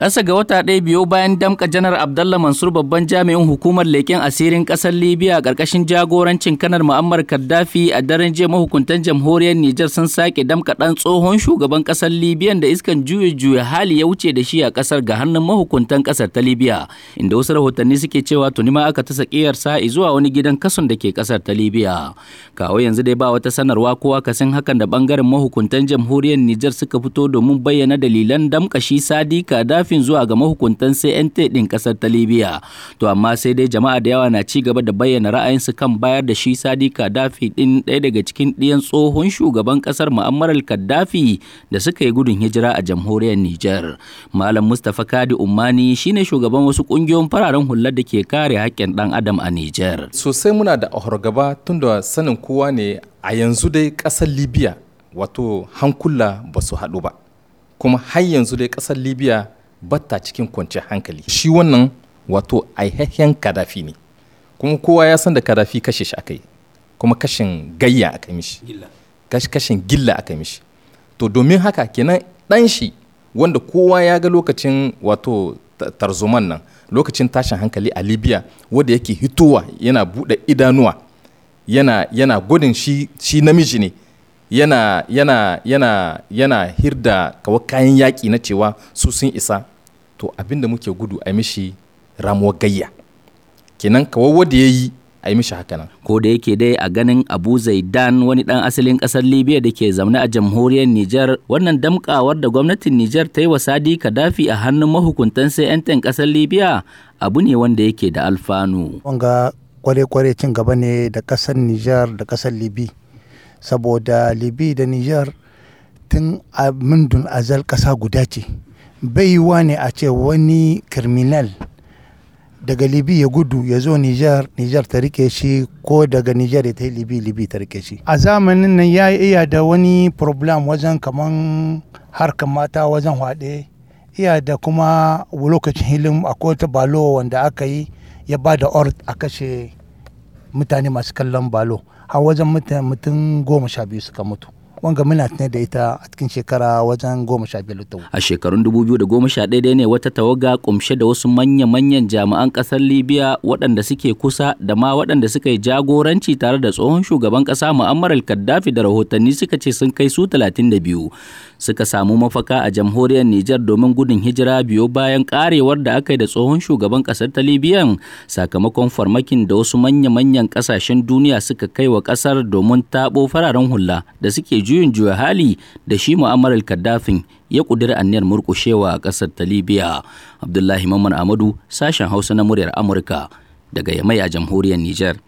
Ƙasa ga wata ɗaya biyo bayan damƙa janar abdalla Mansur babban jami'in hukumar leƙen asirin ƙasar Libya ƙarƙashin jagorancin kanar Muammar kaddafi a daren jiya mahukuntan jamhuriyar Nijar sun sake damƙa ɗan tsohon shugaban ƙasar Libyan da iskan juye juya hali ya wuce da shi a ƙasar ga hannun mahukuntan ƙasar ta Libya inda wasu rahotanni suke cewa tuni ma aka ta tasa ƙiyarsa zuwa wani gidan kason da ke ƙasar ta Libya. Kawo yanzu dai ba wata sanarwa ko akasin hakan da ɓangaren mahukuntan jamhuriyar Nijar suka fito domin bayyana dalilan damƙa shi Sadi kaddafi kafin zuwa ga mahukuntan CNT ɗin ƙasar ta Libya. To amma sai dai jama'a da yawa na ci gaba da bayyana ra'ayinsu kan bayar da shi Sadi dafi ɗin ɗaya daga cikin ɗiyan tsohon shugaban ƙasar Muammar kadafi da suka yi gudun hijira a jamhuriyar Nijar. Malam Mustapha Kadi Ummani shine shugaban wasu ƙungiyoyin fararen hular da ke kare haƙƙin ɗan adam a Nijar. Sosai muna da ahorgaba tun da sanin kowa ne a yanzu dai ƙasar Libya wato hankula ba su haɗu ba. Kuma har yanzu dai ƙasar Libya batta cikin kwanciyar hankali shi wannan wato aihehen kadafi ne kuma kowa ya san da kadafi kashe shi aka yi kuma kashin gayya aka mishi kashin gilla aka mishi to domin haka kenan ɗan shi wanda kowa ya ga lokacin wato tarzuman nan lokacin tashin hankali a libya wanda yake hitowa yana buɗe idanuwa yana, yana gudun shi, shi namiji ne yana yana yana yana hirda kawai kayan yaƙi na cewa su sun isa to abinda muke gudu a mishi ramuwar gayya kenan kawai wanda ya yi a yi mishi hakanan. Ko da yake dai a ganin Abu Zaidan wani dan asalin kasar Libya da ke zaune a jamhuriyar Nijar wannan damƙawar da gwamnatin Nijar ta yi wa Sadi Kadafi a hannun mahukuntan sai 'yantan kasar Libya abu ne wanda yake da alfanu. Wanga kware-kware cin gaba ne da kasar Nijar da kasar Libya. saboda libi da niger tun a mundun azal ƙasa guda ce bai yiwa ne a ce wani kirminal daga libi ya gudu ya zo niger niger ta rike shi ko daga niger ya ta yi libi libi ta rike shi a zamanin nan ya iya da wani problem wajen kaman harkar mata wajen haɗe iya da kuma lokacin hilin akwai ta balo wanda aka yi ya ba da ord a kashe mutane masu kallon balo har wajen mutum goma sha biyu suka mutu wanga muna tune da ita a cikin shekara wajen goma sha biyu da a shekarun dubu biyu da goma sha ɗaya ne wata tawaga kumshe da wasu manya-manyan jami'an ƙasar libya waɗanda suke kusa da ma waɗanda suka yi jagoranci tare da tsohon shugaban ƙasa mu'ammar al-kaddafi da rahotanni suka ce sun kai su talatin da biyu suka samu mafaka a jamhuriyar Nijar domin gudun hijira biyo bayan karewar da aka yi da tsohon shugaban kasar ta Libyan sakamakon farmakin da wasu manya-manyan kasashen duniya suka kai wa kasar domin tabo fararen hula da suke juyin juya hali da shi mu'amalar Kaddafin ya ƙudiri aniyar murkushewa a kasar ta Libya. Abdullahi Mamman Amadu sashen Hausa na muryar Amurka daga Yamai a jamhuriyar Nijar.